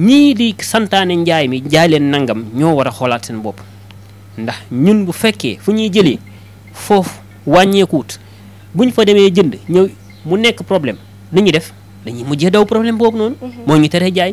ñii di santaane njaay mi njaay leen nangam ñoo war a xoolaat seen bopp ndax ñun bu fekkee fu ñuy jëlee foofu wàññeekuwut buñ fa demee jënd ñëw mu nekk problème li ñuy def dañuy mujjee daw problème boobu noonu. Mhm. moo ñu teree jaay.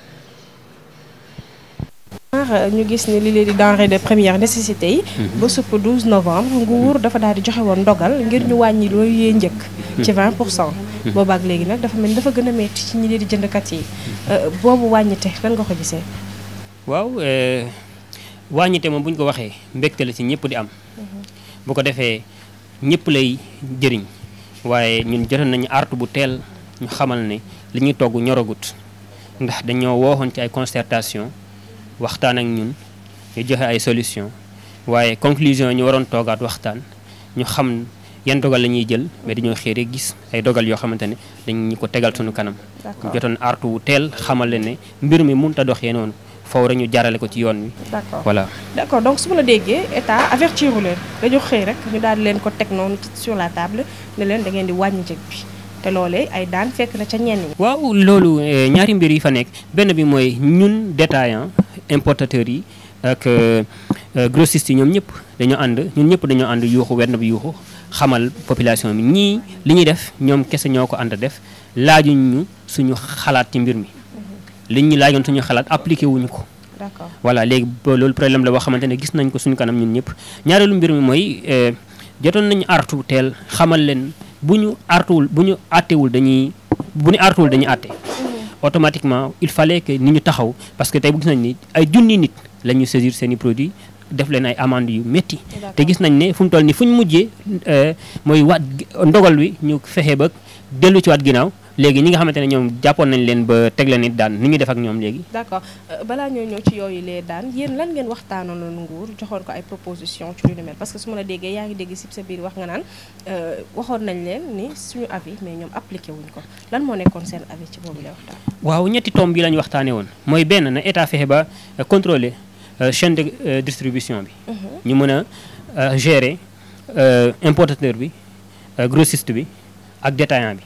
Dakar ñu gis ne li leen di denrée de première nécessité yi. Mhm. ba supp 12 novembre nguur dafa daal di joxe woon ndogal ngir ñu wàññi loolu yee njëkk. Mhm. ci 20 pour cent. Mhm. boobaak léegi nag dafa mel dafa gën a metti ci ñi leen di jëndkat yi euh, boobu wàññite lan nga ko gisee. waaw euh, wàññite moom bu ñu ko waxee mbégte la ci ñëpp di am. bu ko defee ñëpp lay jëriñ waaye ñun jotoon nañu artu bu teel ñu xamal ne li ñuy togg ñoragut ndax dañoo wooxoon ci ay concertation waxtaan ak ñun ñu joxe ay solution waaye conclusion ñu waroon toogaat waxtaan ñu xam yan dogal la ñuy jël mais dañoo xëy rek gis ay dogal yoo xamante ne dañu ko tegal suñu kanam. ñu jotoon artu wu teel xamal mbir mi mënut a doxee noonu foofu rek ñu jaarale ko ci yoon wi. d'accord voilà. d'accord donc su ma la déggee état avertiru leen dañu xëy rek ñu daal leen ko teg noonu sur la table ne leen da di wàññi njëg bi te loolee ay daan fekk na ca ñenn ñi. waaw loolu eh, ñaari yi fa nekk benn bi mooy ñun détaillant importateurs yi ak euh, grossistes yi ñoom ñëpp dañoo ànd ñun ñëpp dañoo ànd yuuxu wenn bi yuuxu xamal population bi ñii li ñuy def ñoom kese ñoo ko ànd def laajuñ ñu suñu xalaat ci mbir mi mhm. liñ ñu laajoon suñu xalaat appliqué wuñu ko voilà léegi loolu problème la boo xamante ne gis nañ ko suñu kanam ñun ñëpp ñaareelu mbir mi mooy euh, jotoon nañu artu teel xamal leen bu ñu artuwul bu ñu àttewul dañuy bu ñu artuwul dañuy àtte automatiquement il fallait que nous taxaw parce que tay bu gis nañ ni ay junni nit la saisir seen produits def leen ay amende yu métti te gis nañ ne fu mu toll ni fuñ mujjé euh moy waat ndogal wi ñu fexé ba dellu ci wat ginaaw léegi ñi nga xamante ñom ñoom jàppoon nañ leen ba teg la nit daan ñi ngi def ak ñom légui d'accord euh, bala ñoo ñoo ci yooyu lé daan yeen lan ngeen waxtaanoon nguur joxoon ko ay proposition ci lu ni mel parce que suma la déggé yaangi ngi dégg si sa biir wax nga naan euh waxoon nañ leen ni suñu avis mais ñom appliquer wuñ ko lan moo nekkoon seen avis ci boobu lay waxtaan. waaw ñetti tomb yi la ñu waxtaanee woon mooy benn na état fexe ba euh, contrôler euh, chaîne de distribution bi. Mhm. ñu mëna gérer importateur bi grossiste bi ak détaillant bi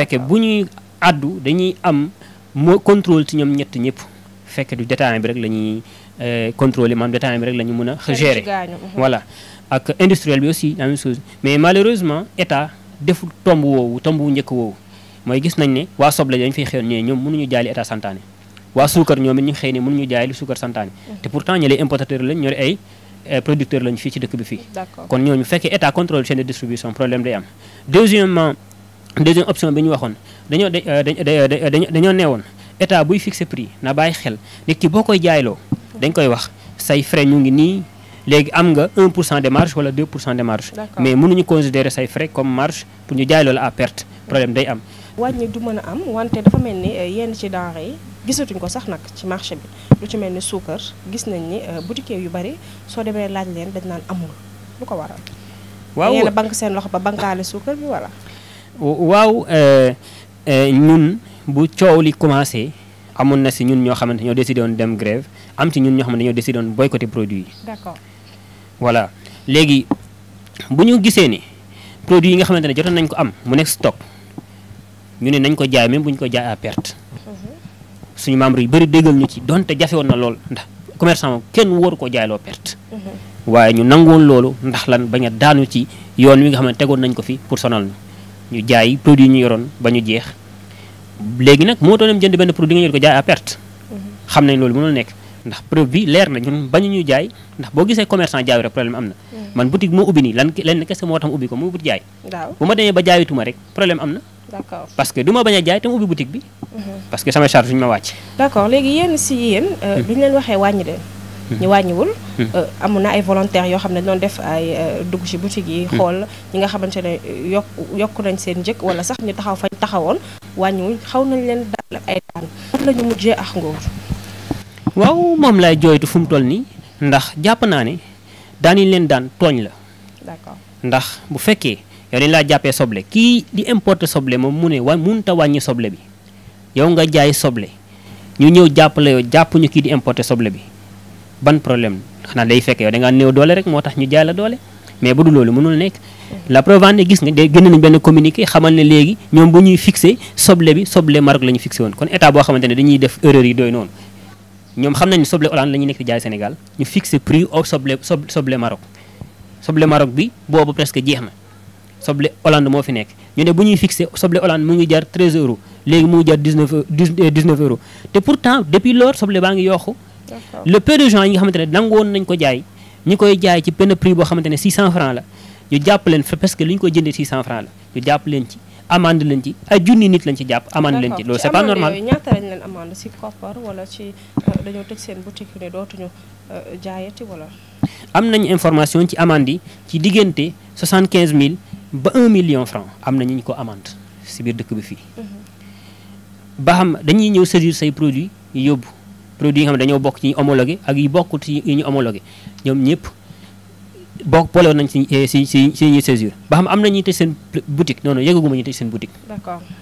que bu ñuy àddu dañuy am mo contrôle ci ñom ñett ñëpp fekke du détaillant bi rek lañuy ñuy euh, contrôler man détaillant bi rek lañu mëna gérer uh-huh. voilà ak industriel bi aussi la même chose mais malheureusement état deful tombe woowu tombe wu ñëk woowu moy gis nañ né wa soble dañ fay xëyoon ñom mënu ñu jaay état santané wa sucre ñom ñu xëy ne mënuñu jaay li sucre santaane uh-huh. te pourtant ñi lay importateur lañ ñori ay euh, producteur lañ fi ci dëkk bi fi kon ñu fekk état contrôle chaîne de distribution problème day am deuxièmement deuxième option bi ñu waxoon dañoo euh, dañoo dañoo état buy fixer prix na baye xel nit ki bokoy koy dañ koy wax say frais ñu ngi ni légui am nga 1 de marge wala 2 de marge. mais mënu ñu considérer say frais comme marge pour ñu jaayloo la à perte problème day am. wàññi du mëna am wante dafa melni ni euh, yenn ci denrées yi gisatuñ ko sax nak ci marché bi lu ci melni sucre gis nañ ni euh, boutique yu bari so demee laaj leen dañ nan amul lu ko waral. waaw yéen a banque loxo ba bankaale sucre bi wala. waaw eh, eh, ñun bu coow li commencé amoon na si ñun ñoo xamante ñoo décidé dem grève am ci ñun ñoo xamante ñoo décidé woon boycotter produit yi. d'accord voilà léegi bu ñu gisee ni produit yi nga xamante ne jotoon nañ ko am mu nekk stock ñu ne nañ ko jaay même bu ñu ko jaay perte. Mhm. suñu membre yu bëri déggal ñu ci donte jafe na lool ndax commerçant moom kenn waru ko jaayloo perte. Mhm. waaye ñu nangu woon loolu ndax lan bañ a daanu ci yoon wi nga xam ne tegoon nañ ko fi pour ñu jaay produit ñu yoroon ba ñu jeex léegi nag moo doon jënd benn produit nga ñu ko jaay à perte. Mhm. xam nañ loolu mënul nekk ndax preuve bi leer na ñun bañu ñu jaay ndax boo gisee commerçant jaay rek problème am na. Mhm. man boutique moo ubbi nii lan lenn kese moo tax mu ubbi ko mu ubbi jaay. bu ma demee ba jaayituma rek problème am na. d'accord parce que du ma bañ a jaay te ubbi boutique bi. Mhm. parce que sama charge ñu ma wàcc. d'accord léegi yéen si yéen. duñ euh, leen waxee wàññi leen. ñu wàññiwul. Euh, amoon na ay volontaires yoo xam ne doon def ay euh, dugg ci boutique yi. xool ñi nga xamante ne yokk yokk nañ seen njëkk wala sax ñu taxaw fañ taxawoon wàññiwuñ xaw nañ leen ay daan. lan la ñu mujjee ak nguur. moom lay jooytu fu mu toll nii ndax jàpp naa ne daan leen daan tooñ la. d'accord ndax bu fekkee yow dañu laa jàppee soble kii di importe soble moom mu ne wa munta wàññi soble bi yow nga jaay soble ñu ñëw jàppale yow jàppuñu kii di importer soble bi. ban problème xana day fekk yow da nga new doole rek motax ñu jaala la doole mais bu du loolu mënul nek la preuve ne gis nga génn nañ ben communiqué xamal ne légui ñom bu ñuy fixer soble bi soble marque lañu fixer won kon état bo xamante dañuy def erreur yi doy non ñom xamnañ nañ soble Hollande lañu nek ci di jaay Sénégal ñu fixer prix au soble soble Maroc soble Maroc bi boobu presque jeex soble Hollande mo fi nek ñu ne bu ñuy fixer soble Hollande mu ngi jar 13 euros légui mu jar 19 19 euros te pourtant depuis lors soble baa ngi yokku le peu de gens yi nga xamante ne nañ ko jaay ñi koy jaay ci pen prix bo xamantene 600 francs la ñu japp len fa parce que li ko jëndé 600 francs la ñu japp len ci amande len ci ay junni nit lañ ci japp amande len ci loolu c'est pas normal ñaata lañ len amande ci koppar wala ci euh, dañu tëj seen boutique ne dootuñu euh, jaayati wala am nañ information ci amande ci diggante 75000 ba 1 million francs am nañ ñu ko amande ci biir dëkk bi fi mhm. ba xam dañuy ñëw saisir say produits yóbbu produit yi nga xam ne dañoo bokk ci ñu homologué ak yu bokkut ci yi ñu homologué ñoom ñëpp bokk boole nañ si si si ba xam am na ñuy tëj seen boutique non yëgaguma ñuy tëj seen boutique.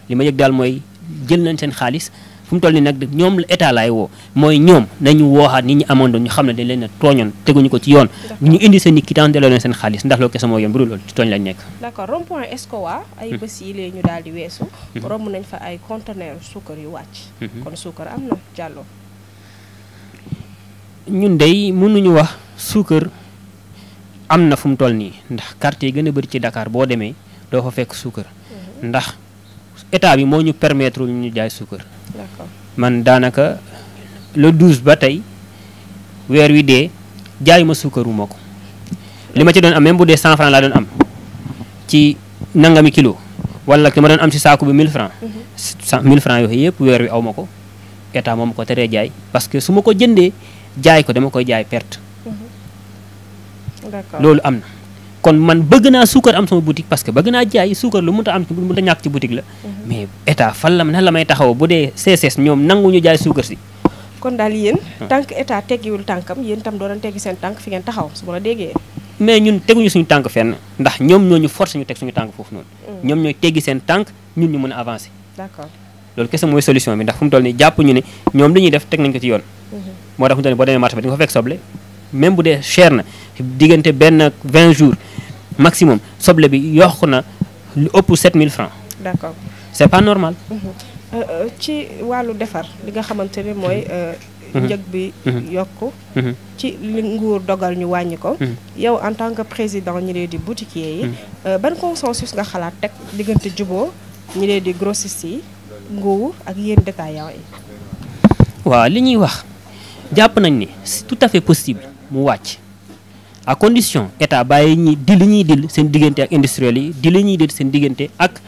li ma yëg daal mooy jël nañ seen xaalis fu toll nii nag ñoom état laay woo mooy ñoom nañu wooxaat nit ñi amoon ñu xam ne dañ leen a tooñoon teguñu ko ci yoon. ñu indi seen i quittance delloo leen seen xaalis ndax loolu kese moo yoon bu dul loolu ci tooñ lañ nekk. Hmm. ñu daal di weesu. Hmm. romb nañ fa ay ñun day mënuñu wax suukar amna na fu mu toll ni ndax quartier gëna a bëri ci Dakar bo démé do fa fekk suukar mhm. ndax état bi mo ñu permettre ñu jaay d'accord man danaka le 12 batay wër wi dé jaay ma suukaru ma lima ci doon am même bu dé 100 francs la doon am ci nangami kilo wala ki ma doon am ci saaku bi 1000 francs 1000 mhm. francs yoy yépp wër wi aw ma état mom ko téré jaay parce que suma ko jëndé jaay ko dama koy jaay perte. Mhm. d'accord loolu am na. kon man bëgg naa suukar am sama boutique parce que bëgg naa jaay suukar lu mënta am lu mënta ñàkk ci la. Mhm. mais état fan la nan la may taxaw bu dee CSS ñoom nangu ñu jaay suukar si. kon daal yéen. Ah. tànk état teggiwul tànkam yéen tam doon teggi seen tànk fi ngeen taxaw su ma la déggee. mais ñun teguñu suñu tànk fenn ndax ñoom ñoo ñu force ñu teg suñu tànk foofu noonu. Mm. ñoom ñooy teggi seen tànk ñun ñu mën a avancer. d'accord loolu mooy solution bi ndax fu mu toll jàpp ñu ne ñoom li ñuy def teg nañ ko ci yoon. Mm-hmm. moo tax ñu doon boo demee marché bi di nga fa fekk soble même bu dee cher na diggante benn 20 jours maximum soble bi yokk na lu ëpp 7000 francs. d'accord c'est pas normal. Mhm. Euh, euh, ci wàllu defar li nga xamante ne mooy. Mhm. Euh, mhm. njëg bi yokk ci li nguur dogal ñu wàññi ko yow en tant que président ñi di boutiquier yi ban consensus nga xalaat teg diggante juboo ñi di grossiste yi nguur ak yéen détaillant yi waaw li ñuy wax jàpp nañ ni c'est tout à fait possible mu à condition état ta ñi di li dil sen diggante ak industriel yi di li ñuy dil seen ak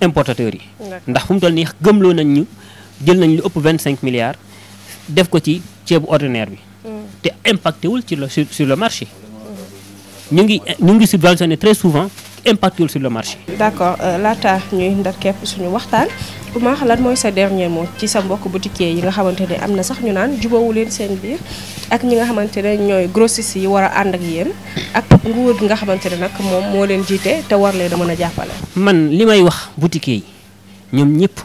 importateur yi ndax fum mu toll nii nañ ñu jël nañ lu ëpp vingt milliards def ko ci ceebu ordinaire bi mm. te impacté wul ci sur le marché ñu ngi ñu ngi subventionné très souvent impacté wul sur le marché d'accord euh, tax ñuy ndar képp suñu waxtaan ma xalaat mooy sa dernier mot ci sa mbokk boutiquier yi nga xamante ne am na sax ñu naan jubawu leen seen biir ak ñi nga xamante ne ñooy grossiste yi war a ànd ak yéen ak nguur nga xamante ne nag moom moo leen te war leen a mën a man li may wax boutiquier yi ñoom ñëpp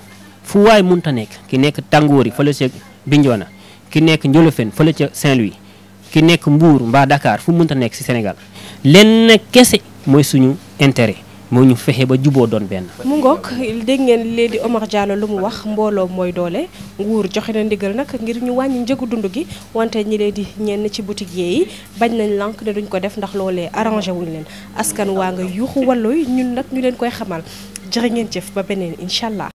fu waay munta nekk ki nekk tàngoor yi fële ca ki nekk Ndiolofen fële ca saint louis ki nekk mbuur mbaa dakar fu munta nekk si sénégal lenn kese mooy suñu intérêt moo ñu fexe ba juboo doon benn. mu ngoog dégg ngeen léegi Omar Diallo lu mu wax mbooloo mooy doole nguur joxe na ndigal nag ngir ñu wàññi njëgu dund gi wante ñi leen di ñenn ci boutique yi bañ nañ lànk ne duñ ko def ndax loolee arrangé wuñ leen askan waa nga yuuxu walluy ñun nag ñu leen koy xamal jërë ngeen jëf ba beneen incha allah.